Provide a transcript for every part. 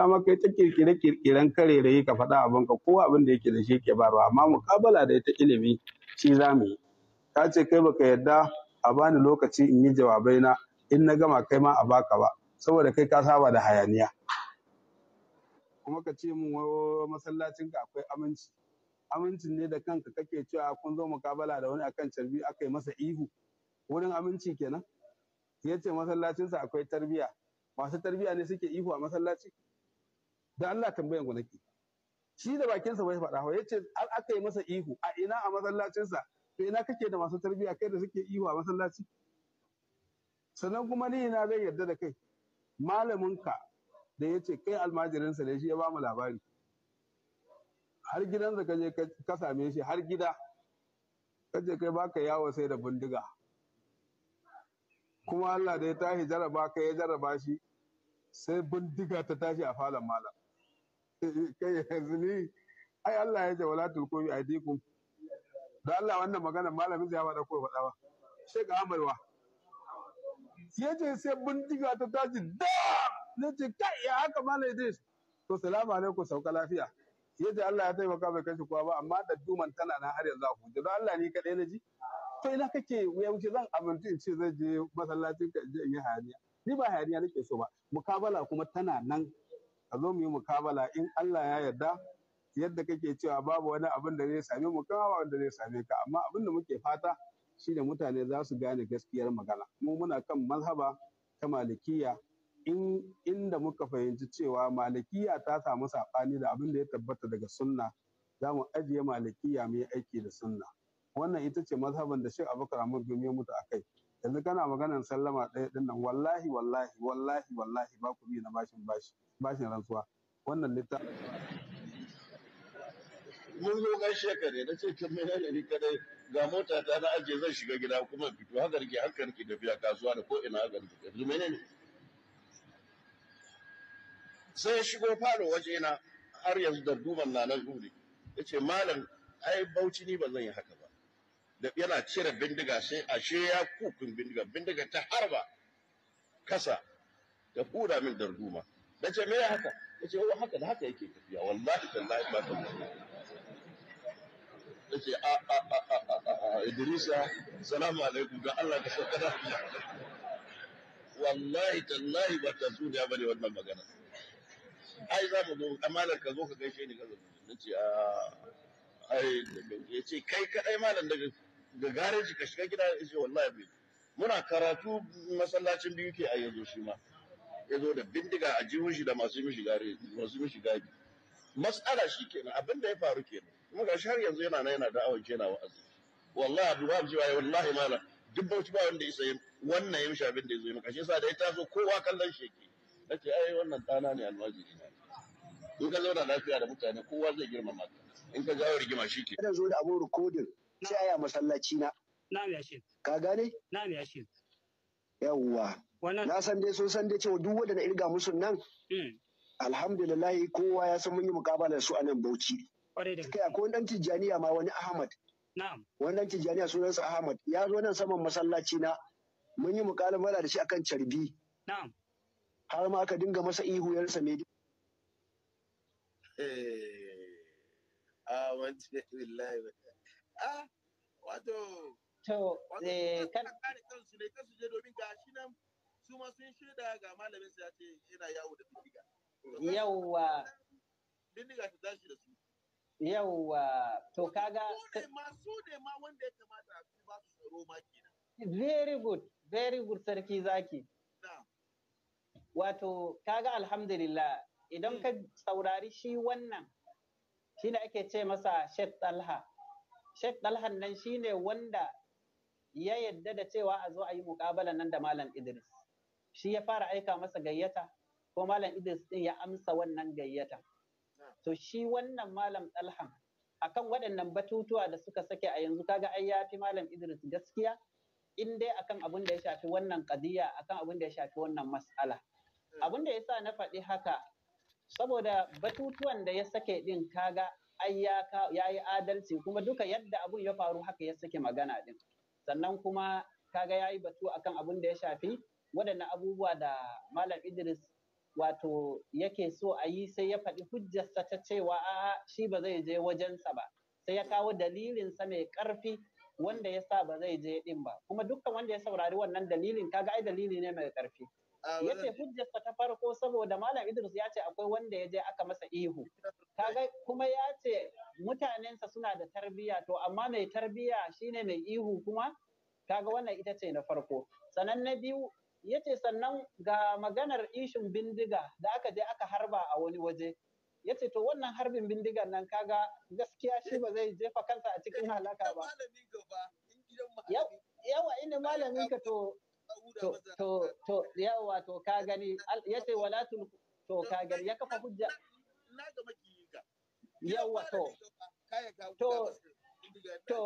kama kai ta kirkire kirkiren karerayi ka faɗa abin ka ko abin da yake da shi ke barwa amma mukabala da ita ilimi shi za mu yi ka ce kai baka yarda a bani lokaci in yi jawabai na in na gama kai ma a baka ba saboda kai ka saba da hayaniya kuma ka ce min masallacin ka akwai aminci amincin ne da kanka kake cewa kun zo mukabala da wani akan carbi aka masa ihu wurin aminci kenan ya ce masallacinsa akwai tarbiya masu tarbiya ne suke ihu a masallaci da Allah tambayan ku nake shi da bakinsa bai faɗa ba yace an aka yi masa ihu a ina a masallacinsa to ina kake da masu tarbiyya kai da suke ihu a masallaci sannan kuma ni ina zai yarda da kai malamin ka da yace kai almajirin sa ne shi ya ba mu labari har gidan ka je ka same shi har gida Kaje kai baka yawo sai da bindiga kuma Allah da ya tashi jaraba ka ya jaraba shi sai bindiga ta tashi a falon malam kai yanzu ni ai Allah ya ce wala tulku bi aidikum da Allah wannan magana malamin zai ba da ko faɗa ba sai ga amarwa ya ce sai bindiga ta tashi da na ce kai ya haka malam Idris to salamu alaikum sauka lafiya ya ce Allah ya taimaka bai kashe kowa ba amma da duman tana nan har yanzu a huta don Allah ni kaɗai na ji to ina kake yaushe zan amintu in ce zai je masallacin ka in je in yi hayaniya ni ba hayaniya nake so ba mukabala kuma tana nan ka zo mu yi mukabala in Allah ya yarda yadda kake cewa babu wani abin da zai same mu kawa wanda zai same ka amma abin da muke fata shine mutane za su gane gaskiyar magana mu muna kan mazhaba ta malikiya in inda muka fahimci cewa malikiya ta samu saɓani da abin da ya tabbata daga sunna za mu ajiye malikiya mu yi aiki da sunna wannan ita ce mazhaban da shi abubakar ahmad gumi ya mutu a kai yanzu kana maganar sallama ɗaya ɗin nan wallahi wallahi wallahi wallahi ba ku bi na bashin bashi bashin rantsuwa wannan littafin mun zo gaishe ne na ce kin mai ne kadai ga mota ta na aje zan shiga gida kuma fito haka rike haka rike biya kasuwa da ko ina haka rike ne sai ya shigo falo waje na har yanzu da duban na nan dole ya ce malam ai bauchi ni ba zan yi haka ba da yana cire bindiga sai ashe ya kukun bindiga bindiga ta harba kasa ta kura min darduma na ce me haka ya ce wa oh, haka da haka yake tafiya wallahi tallahi ba ta ya ce a a a a a a idrisa salamu alaikum ga Allah ka sauka da wallahi tallahi ba ta zuwa da bane wannan magana ai za mu zo amalar ka zo ka gaishe ni ka zo na ce a ai ya ce kai kadai malam daga ga gareji ka shiga gida ya ce wallahi muna karatu masallacin biyu ke a yanzu shi ma ya zo da bindiga a jihun shi da masu mishi gari masu mishi gari matsala shi kenan abin da ya faru kenan kuma ga har yanzu yana nan yana da'awar kenan wa'azi wallahi abu babu cewa wallahi mala duk bauchi ba wanda isa wannan ya mishi abin da ya zo yi maka sa da ya taso kowa kallon shi yake nace ai wannan ɗana ne almajiri ne in ka zauna lafiya da mutane kowa zai girma ka in ka jawo rigima shi ke. Kada zo da abun rikodin sai a masallaci na. Na ya shi. Ka gane? Na ya shi. Yawwa. na san dai sun san dai cewa duk wanda na irga musu nan alhamdulillah kowa ya san mun yi mukabala su a nan Bauchi kai akwai wani dan Tijaniya ma wani Ahmad wani dan sunan sunansa Ahmad ya zo nan saman masallaci na mun yi mukabala da shi akan carbi har ma aka dinga masa ihu ya rasa me wato To, eh, kan... su ma sun shaida ga malamin su ya ce yana yawo da bindiga yawwa bindiga ta tashi da su yawwa to kaga su ne ma su ne ma wanda ya kamata a ba su tsaro ma kenan very good very good sarki zaki wato kaga alhamdulillah idan ka hmm. saurari shi wannan shine ake ce masa Sheikh Talha Sheikh Talha nan shi ne wanda ya yadda da cewa a zo a yi muƙabala nan da Malam Idris shi ya fara aika masa gayyata ko malam Idris din ya amsa wannan gayyata to shi wannan malam Dalham akan waɗannan batutuwa da suka sake a yanzu kaga ai ya fi malam Idris gaskiya in dai akan abin da ya shafi wannan kadiya akan abin da ya shafi wannan mas'ala abin da yasa na faɗi haka saboda batutuwan da ya sake din kaga ai ya yi adalci kuma duka yadda abun ya faru haka ya sake magana din sannan kuma kaga ya yi batu akan abin da ya shafi waɗannan abubuwa da Malam Idris wato yake so a yi sai ya faɗi hujjarsa ta cewa a'a shi ba zai je wajensa ba sai ya kawo dalilinsa mai ƙarfi wanda yasa sa ba zai je ɗin ba kuma dukkan wanda ya saurari wannan dalilin kaga ai dalili ne mai ƙarfi ah, yace ce hujjarsa ta farko saboda malam idris ya ce akwai wanda ya je aka masa ihu kaga kuma ya ce mutanensa suna da tarbiyya to amma mai tarbiyya shine mai ihu kuma kaga wannan ita ce na farko sannan na biyu ya ce sannan ga maganar ishin bindiga da aka je aka harba a wani waje ya ce to wannan harbin bindigan nan kaga gaskiya shi ba zai jefa kansa a cikin halaka ba yawa ina malamin ka to to to yawa to ka gani ya ce wala to ka gani ya kafa hujja yawa to to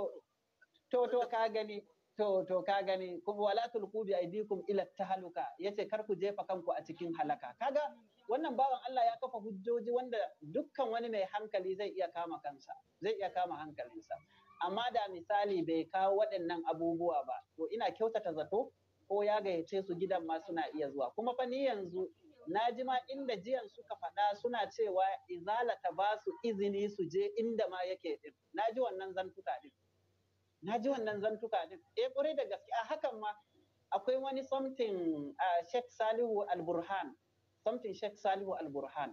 to to ka gani to to ka gani kuma wala tulku bi aidikum ila tahaluka yace kar ku jefa kanku a cikin halaka kaga wannan bawan Allah ya kafa hujjoji wanda dukkan wani mai hankali zai iya kama kansa zai iya kama hankalinsa amma da misali bai kawo waɗannan abubuwa ba to ina kyautata zato ko ya gayyace su gidan ma suna iya zuwa kuma fa ni yanzu na ji ma inda jiyan suka faɗa suna cewa izala ta ba su izini su je inda ma yake ɗin. na ji wannan zantuka ɗin. na ji wannan zantuka din eh kwarai da gaske a hakan ma akwai wani something uh, Sheikh Salihu Al-Burhan something Sheikh Salihu alburhan. burhan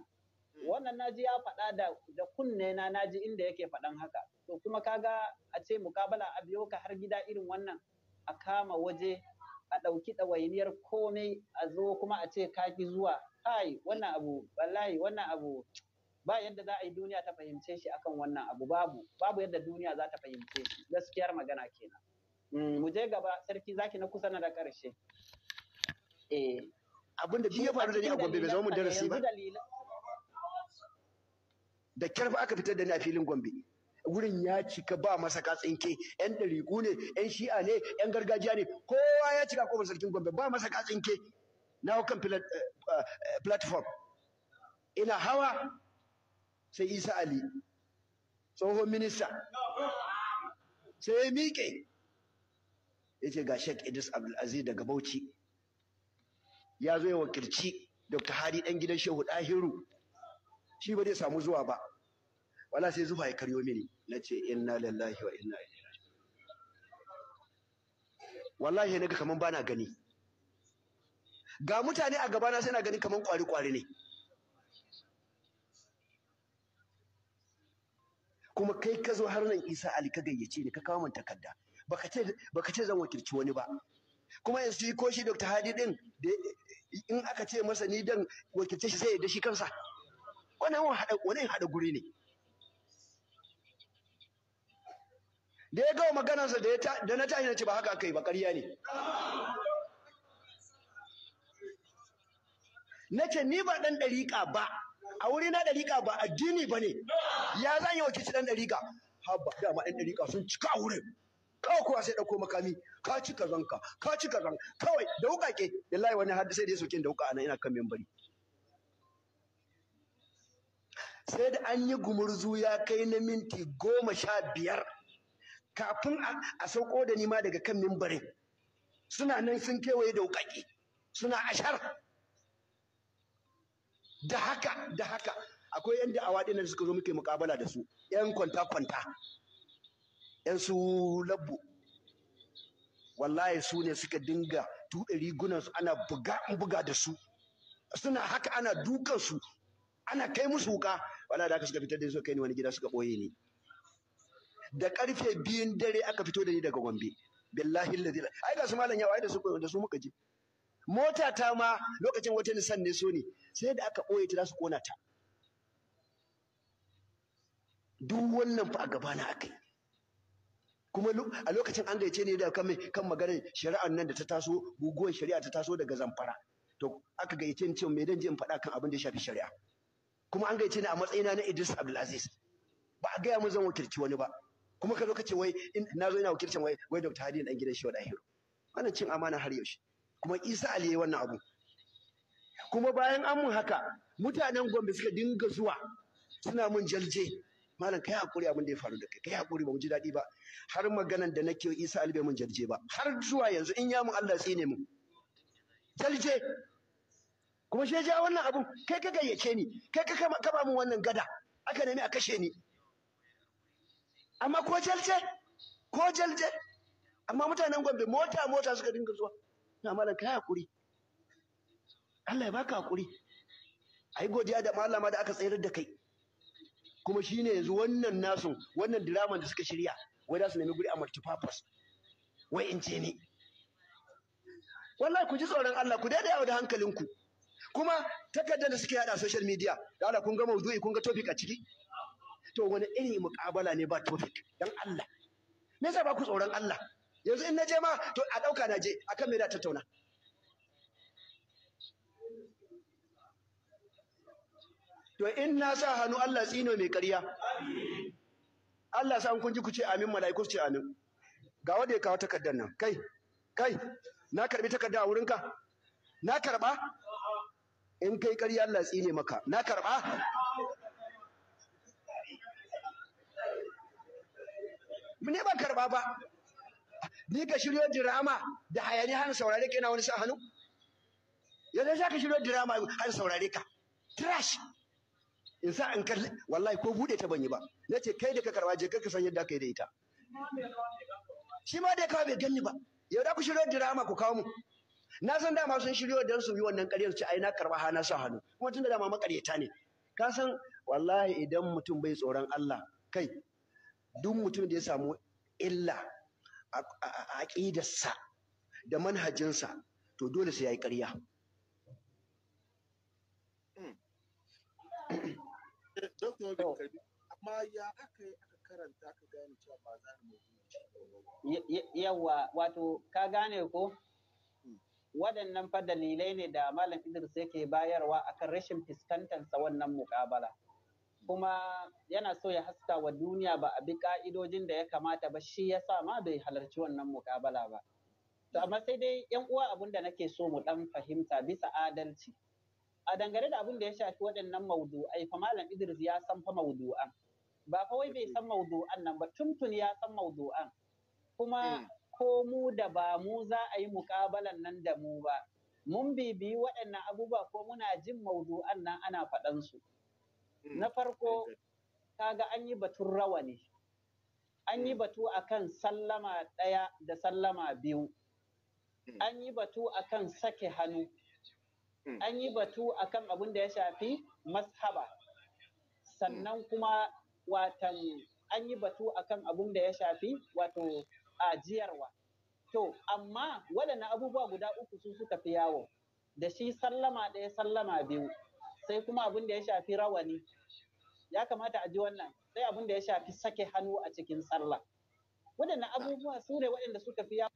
hmm. wannan naji ya faɗa da da kunne na naji inda yake faɗan haka to kuma kaga a ce mukabala a biyo ka har gida irin wannan a kama waje a ɗauki ɗawainiyar komai a zo kuma a ce ka zuwa kai wannan abu wallahi wannan abu ba yadda za a yi duniya ta fahimce shi akan wannan abu babu babu yadda duniya za ta fahimce shi gaskiyar magana kenan mm, mu je gaba sarki zaki na kusa na da karshe eh abinda duk ya faru da ni a Gombe bai zama mun darasi ba da kyar aka fitar da ni a filin Gombe wurin ya cika ba masa katsinke yan ɗariƙu ne yan shi'a ne yan gargajiya ne kowa ya cika kofar sarkin gombe ba masa katsinke na kan eh, eh, platform ina hawa sai isa ali tsohon minista sai ya miƙe ya ce ga sheik idris abdulaziz daga bauchi ya zo ya wakilci dr hadi ɗan gidan shehu ɗahiru shi ba zai samu zuwa ba wala sai zuwa ya karyo mini na ce inna lillahi wa inna ilaihi wallahi naga kaman bana gani ga mutane a gabana sai na gani kaman kwari-kwari ne kuma kai ka zo har nan Isa Ali ka gayyace ni ka kawo min takarda baka ce baka ce zan wakilci wani ba kuma yanzu ko shi Dr. Hadi din in aka ce masa ni dan wakilce shi sai ya shi kansa wannan wani hada guri ne da ya gawa maganarsa da na tashi na ce ba haka aka yi ba ƙarya ne na ce ni ba ɗan ɗariƙa ba a wuri na ɗariƙa ba addini ba ne ya zan yi wakilci ɗan ɗariƙa haba dama ɗan ɗariƙa sun cika a wurin kawai kuwa sai ɗauko makami ka ci ka zanka ka ci ka zanka kawai da wukake. wallahi wani har sai da ya kin da wuka anan ina kan membari sai da an yi gumurzu ya kai na minti goma sha biyar kafin a sauko da nima daga kan mimbarin suna nan sun kewaye da wuƙaƙe suna ashar da haka da haka akwai yan da'awa din da suka zo muke mukabala da su yan kwanta kwanta yan su labbu wallahi su ne suka dinga tuɗe rigunan su ana buga buga da su suna haka ana dukan su ana kai musu wuka Wala da aka suka fitar da su kai ni wani gida suka boye ni da karfe biyun dare aka fito da ni daga Gombe billahi alladhi ai ga su malam yawa ai da su da su muka je mota ta ma lokacin wata nisan ne so ne sai da aka boye ta za su kona ta duk wannan fa a aka yi kuma a lokacin an gaice ne da kan maganar shari'ar nan da ta taso guguwar shari'a ta taso daga zamfara to aka gaice ni cewa me dan je in faɗa kan abin da ya shafi shari'a kuma an gaice ni a matsayina na Idris Abdulaziz ba a gaya mun zan wakilci wani ba kuma ka lokacin wai na zo ina wakilcin wai wai Dr. Hadi dan gidan Shehu Dahiru wannan cin amana har yaushe kuma Isa Ali yayi wannan abu kuma bayan an mun haka mutanen Gombe suka dinga zuwa suna mun jalje malam kai hakuri abin da ya faru da kai kai hakuri ba mu ji daɗi ba har maganan da nake Isa Albe mun jarje ba har zuwa yanzu in ya mun Allah tsine mu jalje kuma shi ja wannan abun kai ka gayyace ni kai ka kaba mun wannan gada aka nemi a kashe ni amma ko jalje ko jalje amma mutanen Gombe mota mota suka dinga zuwa na malam kai hakuri Allah ya baka hakuri ai godiya da malama da aka tsayar da kai kuma shi ne yanzu wannan nasu wannan diraman da suka shirya wai za su nemi guri a multipurpose wai in ce ni wallahi ku ji tsoron Allah ku daidai yawa da hankalinku kuma takardar da suke yada social media da Allah kun ga maudu'i kun ga topic a ciki to wani irin muƙabala ne ba topic dan Allah me yasa ba ku tsoron Allah yanzu in naje ma to a dauka naje akan me da tattauna to in na sa hannu Allah tsino mai ƙarya Allah sa kun ji ku ce amin mala'ikus ce amin ga wanda ya kawo takardar nan kai kai na karbi takarda a wurinka na karba in kai ƙarya Allah tsine maka na karba ne ba karba ba ni ka shiryo dirama da hayani har saurare ka ina wani sa hannu yanzu za ka shiryo dirama har saurare ka trash in sa in kalli wallahi ko bude ta ban yi ba ce kai da ka karba je ka san yadda kai da ita shi ma da kawo bai ganni ba yau da ku shiryo dirama ku kawo mu na san dama sun shiryo dan su yi wannan ƙaryar ce, ai na karba ha na sa hannu kuma da dama maƙaryata ne ka san wallahi idan mutum bai tsoron Allah kai duk mutum da ya samu illa a aƙidarsa da manhajinsa to dole sai ya yi ƙarya hmm. Doctor Karbi, amma ya aka yi aka karanta aka gane cewa ba za mu wato ka gane ko? Hmm. Waɗannan fa dalilai ne da Malam Idris yake bayarwa akan rashin fuskantarsa wannan muƙabala. Kuma yana so ya haska wa duniya ba a bi ƙa'idojin da ya kamata ba shi ya sa ma bai halarci wannan muƙabala ba. To amma sai dai 'yan uwa abin da nake so mu ɗan fahimta bisa adalci. a dangane da abin da ya shafi waɗannan maudu'ai fa malam Idris ya san fa maudu'an ba fa wai bai san maudu'an nan ba tuntun ya san maudu'an kuma hmm. ko mu da ba mu za a yi muƙabalan nan da mu ba mun bibiyi waɗannan abubuwa ko muna jin maudu'an nan ana faɗan su hmm. na farko kaga an yi batun rawani an yi hmm. batu akan sallama ɗaya da sallama biyu an yi batu akan sake hannu Mm. an yi batu akan abin da ya shafi mashaba sannan mm. kuma watan an yi batu akan abin da ya shafi wato ajiyarwa to amma waɗannan abubuwa guda uku su suka fi yawo da shi sallama ɗaya sallama biyu sai kuma abin da ya shafi rawani ya kamata a ji wannan sai abin da ya shafi sake hannu a cikin sallah waɗannan ah. abubuwa su ne waɗanda suka fi yawo